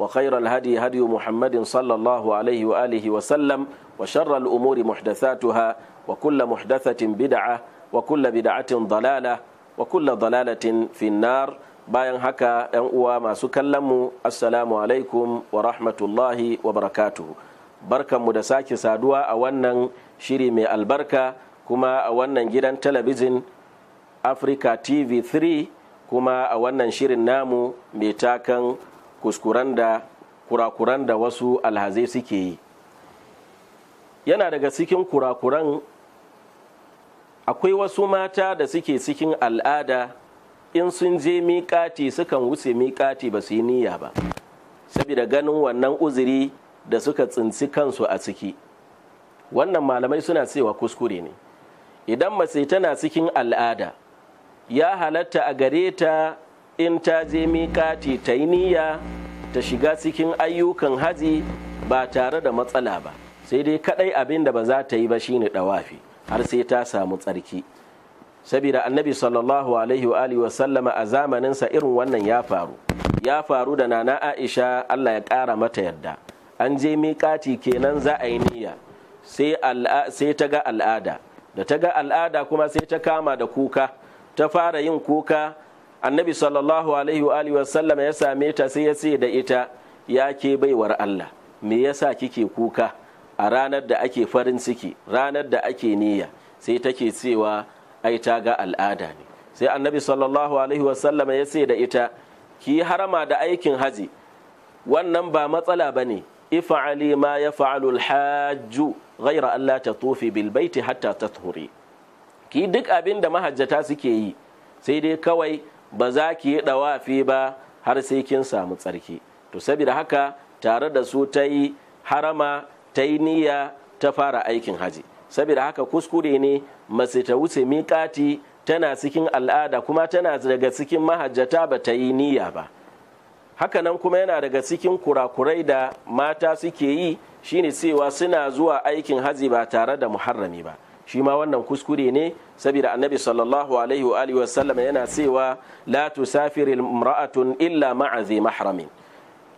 وخير الهدي هدي محمد صلى الله عليه وآله وسلم وشر الأمور محدثاتها وكل محدثة بدعة وكل بدعة ضلالة وكل ضلالة في النار bayan haka ‘yan uwa masu kallonmu assalamu alaikum wa rahmatullahi wa barakatuhu barkanmu da sake saduwa a wannan shiri mai albarka kuma a wannan gidan talabijin africa tv 3 kuma a wannan shirin namu mai takan kuskuren da kurakuran da wasu alhazai suke yi yana daga cikin kurakuran akwai wasu mata da suke cikin al'ada in sun je miƙati sukan wuce miƙati ba su yi niyya ba saboda ganin wannan uzuri da suka tsinci kansu a ciki wannan malamai suna cewa kuskure ne idan mace tana cikin al'ada ya halatta a gare ta in ta je miƙati ta yi niyya ta shiga cikin ayyukan haji ba tare da matsala ba sai dai kaɗai abin da ba za ta yi ba shine ɗawafi, har sai ta samu tsarki saboda annabi sallallahu alaihi wa alihi sallama a zamaninsa irin wannan ya faru ya faru da nana aisha allah ya ƙara mata yadda an je miƙati kenan za a yi niyya sai ta ga al'ada da ta ga al'ada kuma sai ta kama da kuka ta fara yin kuka annabi sallallahu alaihi wa alihi wasallam ya same ta sai ya ce da ita ya ke baiwar Allah me yasa kike kuka a ranar da ake farin ciki ranar da ake niyya sai take cewa ai ta ga al'ada ne sai annabi sallallahu alaihi wasallam ya ce da ita ki harama da aikin haji wannan ba matsala ba ne ifa'ali ma ya fa'alul hajju ghaira Allah ta bil bilbaiti hatta ta ki duk abin da mahajjata suke yi sai dai kawai ba za ki yi ɗawafi ba har sai kin samu tsarki to saboda haka tare da su ta yi harama ta yi niyya ta fara aikin haji saboda haka kuskure ne masu ta wuce miƙati tana cikin al'ada kuma tana daga cikin mahajjata ba ta yi niyya ba hakanan kuma yana daga cikin kurakurai da mata suke yi shine cewa suna zuwa aikin haji ba tare da muharrami ba shi ma wannan kuskure ne saboda annabi sallallahu alaihi wa alihi wasallam yana cewa la tusafiri imra'atun illa ma'a zai mahramin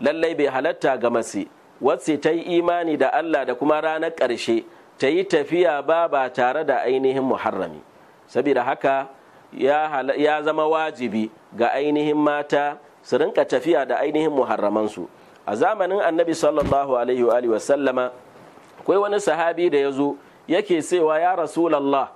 lallai bai halatta ga mace wacce ta imani da Allah da kuma ranar ƙarshe ta yi tafiya ba ba tare da ainihin muharrami saboda haka ya zama wajibi ga ainihin mata su rinka tafiya da ainihin muharramansu a zamanin annabi sallallahu alaihi wa sallama akwai wani sahabi da ya zo yake cewa ya rasulallah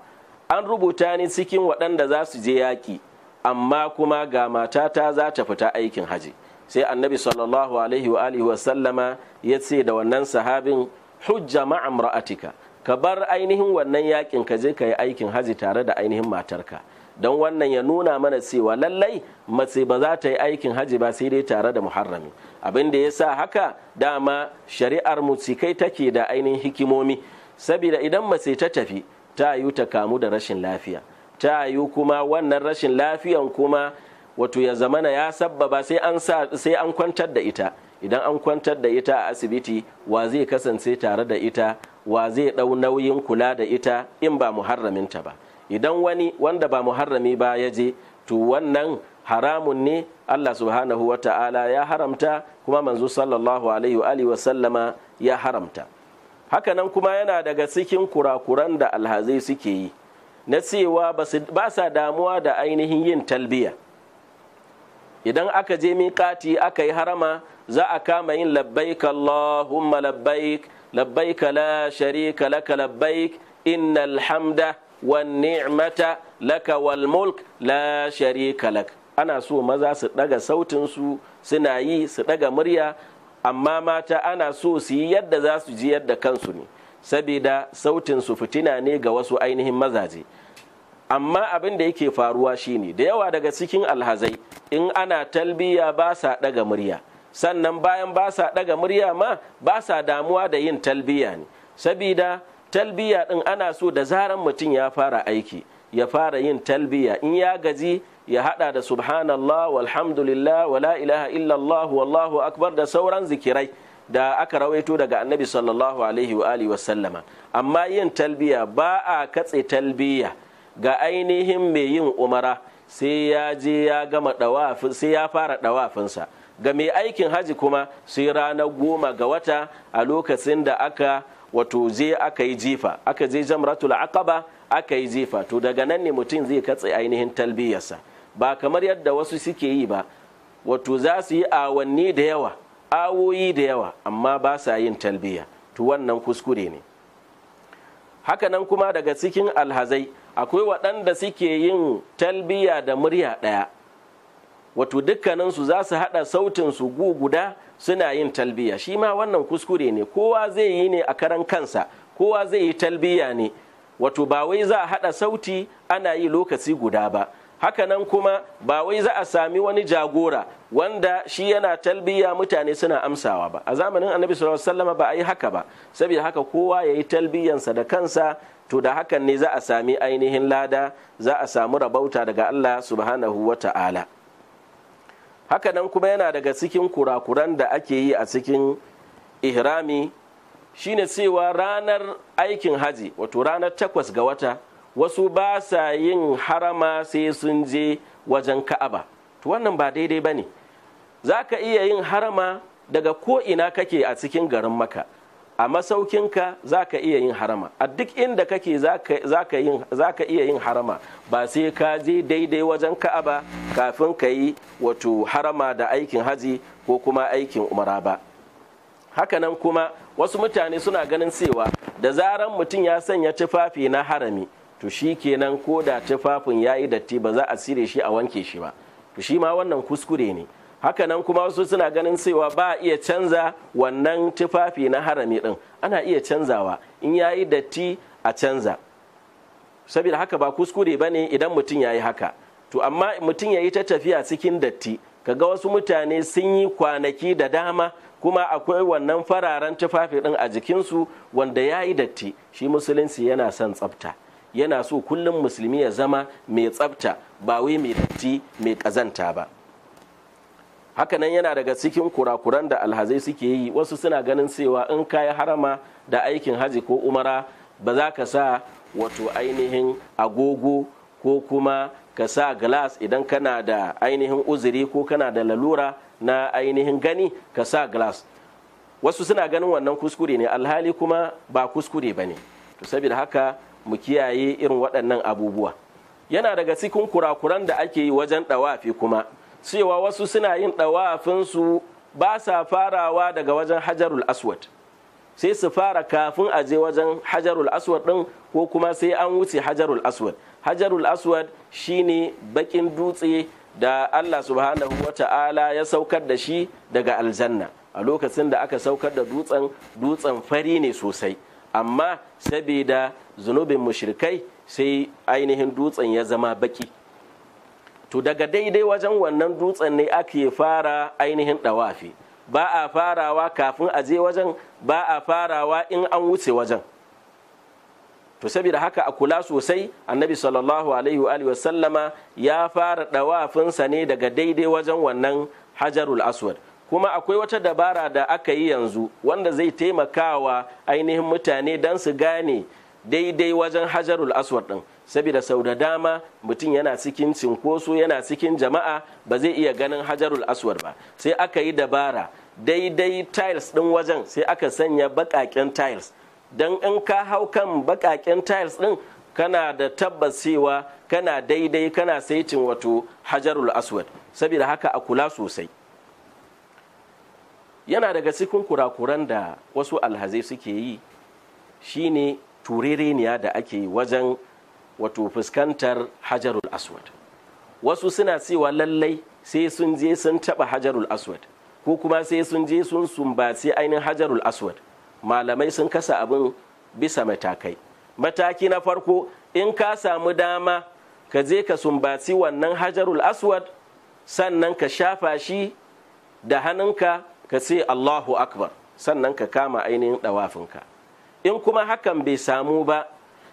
an rubuta ni cikin waɗanda za su je yaƙi amma kuma ga matata za ta fita aikin haji sai annabi sallallahu alaihi wa alihi sallama ya ce da wannan sahabin hujja ma'amra'atika ka bar ainihin wannan yakin ka je ka yi aikin haji tare da ainihin matarka don wannan ya nuna mana cewa lallai mace ba za ta yi aikin haji ba sai dai tare da muharrami abin da ya sa haka dama shari'ar mu cikai take da ainihin hikimomi saboda idan mace ta tafi ta yiwu ta kamu da rashin lafiya ta yiwu kuma wannan rashin lafiyan kuma wato ya zamana ya sabbaba sai an sai an kwantar da ita idan an kwantar da ita a asibiti wa zai kasance tare da ita wa zai ɗau nauyin kula da ita in ba ta ba idan wani wanda ba muharrami ba ya je to wannan haramun ne Allah subhanahu wa ta'ala ya haramta kuma manzo sallallahu alaihi wa sallama ya haramta hakanan kuma yana daga cikin kurakuran da alhazai suke yi na cewa ba sa damuwa da ainihin yin talbiya idan aka je miƙati aka yi harama za a kama yin labbaik Allahumma labbaik labbaik la sharika laka labbaik innal hamda wan ni'mata laka wal mulk la sharika lak ana so maza su daga sautin su suna yi su daga murya amma mata ana so su yi yadda za su ji yadda kansu ne saboda sautin su fitina ne ga wasu ainihin mazaje amma abin da yake faruwa shine da yawa daga cikin alhazai in ana talbiya ba sa daga murya sannan bayan ba sa daga murya ma ba sa damuwa da yin talbiya ne sabida talbiya din ana so da zaran mutum ya fara aiki ya fara yin talbiya in ya gaji ya hada da subhanallah walhamdulillah wala ilaha illallah wallahu akbar da sauran zikirai da aka rawaito daga annabi sallallahu alaihi wa alihi wasallama amma yin talbiya ba a katse talbiya ga ainihin mai yin umara sai ya je ya gama dawafin sai ya fara dawafinsa ga mai aikin haji kuma sai ranar goma ga wata a lokacin da aka wato je aka yi jifa aka je jamratul aqaba aka yi jifa to daga nan ne mutum zai katse ainihin talbiyarsa ba kamar yadda wasu suke yi ba wato za su yi awanni da yawa awoyi da yawa amma ba sa yin talbiya to wannan kuskure ne hakanan kuma daga cikin alhazai akwai waɗanda suke yin talbiya da murya ɗaya wato dukkaninsu za su haɗa su gu guda suna yin talbiya shi ma wannan kuskure ne kowa zai yi ne a karan kansa kowa zai yi talbiya ne wato ba wai za a haɗa sauti ana yi lokaci guda ba hakanan kuma ba wai za a sami wani jagora wanda shi yana talbiya mutane suna amsawa ba a zamanin annabi sallallahu alaihi ba a haka ba saboda haka kowa yayi yi talbiyansa da kansa to da hakan ne za a sami ainihin lada za a samu rabauta daga Allah subhanahu wa ta'ala hakanan kuma yana daga cikin kurakuran da ake yi a cikin ihrami shine cewa ranar aikin haji wato ranar takwas ga wata wasu ba sa yin harama sai sun je wajen ka'aba to wannan ba daidai ba ne za ka iya yin harama daga ko'ina kake a cikin garin maka a masaukinka za ka iya yin harama a duk inda kake za ka iya yin harama ba sai ka je daidai wajen ka'aba kafin ka yi wato harama da aikin haji ko kuma aikin umara ba hakanan kuma wasu mutane suna ganin cewa da zaran mutum ya sanya tufafi na harami to shi kenan ko da tufafin ya yi datti ba za a sire shi a wanke shi ba to shi ma wannan kuskure ne hakanan kuma wasu suna ganin cewa ba a iya canza wannan tufafi na harami din ana iya canzawa in ya yi datti a canza saboda haka ba kuskure ba ne idan mutum ya yi haka to amma mutum ya yi ta tafiya cikin datti kaga wasu mutane sun yi kwanaki da dama kuma akwai wannan fararen tufafi din a jikinsu wanda ya yi datti shi musulunci yana son tsafta yana so kullum musulmi ya zama mai tsafta ba wai mai datti mai kazanta ba hakanan yana daga cikin kurakuran da alhazai suke yi wasu suna ganin cewa in kayi harama da aikin haji ko umara ba za ka sa wato ainihin agogo ko kuma ka sa glass idan kana da ainihin uzuri ko kana da lalura na ainihin gani ka sa glass wasu suna ganin wannan kuskure ne alhali kuma ba kuskure ba ne to saboda haka mu kiyaye irin waɗannan abubuwa yana daga cikin kurakuran da ake yi wajen ɗawafi kuma cewa wasu suna yin ɗawafinsu ba sa farawa daga wajen hajarul aswad sai su fara kafin a je wajen hajarul aswad ɗin ko kuma sai an wuce hajarul aswad hajarul aswad shine bakin dutse da allah subhanahu wata'ala ya saukar da shi daga aljanna a lokacin da aka saukar da dutsen dutsen fari ne sosai amma saboda zunubin mushrikai sai ainihin dutsen ya zama baki to daga daidai wajen wannan dutsen ne ake fara ainihin ɗawafi ba a farawa kafin a je wajen ba a farawa in an wuce wajen to saboda haka a kula sosai annabi sallallahu alaihi wa wasallama ya fara ɗawafinsa ne daga daidai wajen wannan hajarul aswad kuma akwai wata dabara da aka yi yanzu wanda zai taimakawa ainihin mutane don su gane daidai wajen hajarul aswar ɗin saboda sau da dama mutum yana cikin cinkoso yana cikin jama'a ba zai iya ganin hajarul aswad ba sai aka yi dabara daidai tiles ɗin wajen sai aka sanya bakaken tiles don in ka hau kan bakaken tiles ɗin kana da tabbas kana daidai kana saitin wato hajarul aswad saboda haka a kula sosai yana daga cikin kurakuran da wasu alhazai suke yi shine turereniya da ake wajen wato fuskantar hajarul aswad wasu suna cewa lallai sai sun je sun taba hajarul aswad ko kuma sai sun je sun sumbaci ainihin hajarul aswad malamai sun kasa abin bisa matakai mataki na farko in ka samu dama ka je ka sumbaci wannan hajarul aswad sannan ka shafa shi da hannunka ka ce allahu akbar sannan ka kama ainihin ɗawafinka in kuma hakan bai samu ba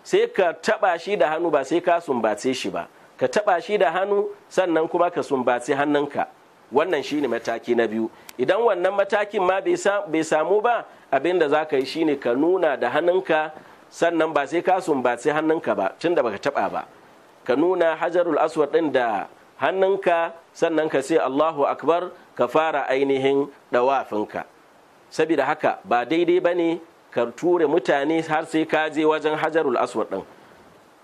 sai ka taba shi da hannu ba sai ka sumbace shi ba ka taba shi da hannu sannan kuma ka sumbace hannunka wannan shine mataki na biyu idan wannan matakin ma bai samu ba abin da za ka yi shine ka nuna da hannunka sannan ba sai ka sumbace hannunka ba tun da baka taba ba ka nuna hajarul aswad din da hannunka sannan ka sai Allahu akbar ka fara ainihin dawafinka saboda haka ba daidai ba ne. ka ture mutane har sai ka je wajen hajarul aswad din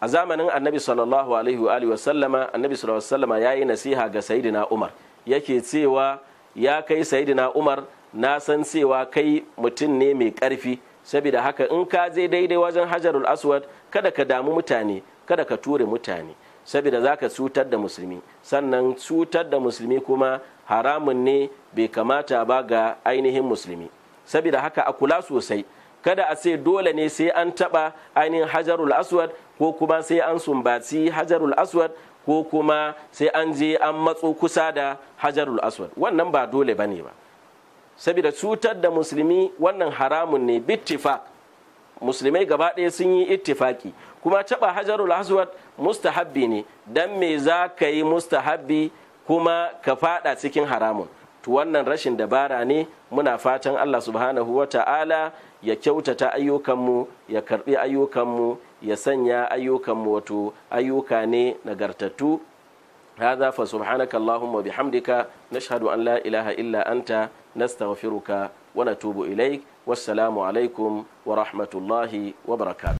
a zamanin annabi sallallahu alaihi wa sallama annabi sallallahu alaihi wa yayi nasiha ga sayyidina umar yake cewa ya kai sayyidina umar na san cewa kai mutum ne mai karfi saboda haka in ka je daidai wajen hajarul aswad kada ka damu mutane kada ka ture mutane saboda zaka cutar da musulmi sannan cutar da musulmi kuma haramun ne bai kamata ba ga ainihin musulmi saboda haka a kula sosai kada a sai dole ne sai an taɓa ainihin hajarul aswad ko kuma sai an sumbaci hajarul aswad ko kuma sai an je an matso kusa da hajarul aswad wannan ba dole ba ne ba saboda cutar da musulmi wannan haramun ne bittifak musulmai gaba ɗaya sun yi ittifaki kuma taɓa hajarul aswad mustahabbi ne dan me za ka yi mustahabbi kuma ka fada cikin haramun to wannan rashin dabara ne muna fatan Allah subhanahu wa ta'ala ya kyautata ayyukanmu ya karbi ayyukanmu ya sanya ayyukanmu wato ayyuka ne nagartattu هذا فسبحانك اللهم وبحمدك نشهد أن لا إله إلا أنت نستغفرك ونتوب إليك والسلام عليكم ورحمة الله وبركاته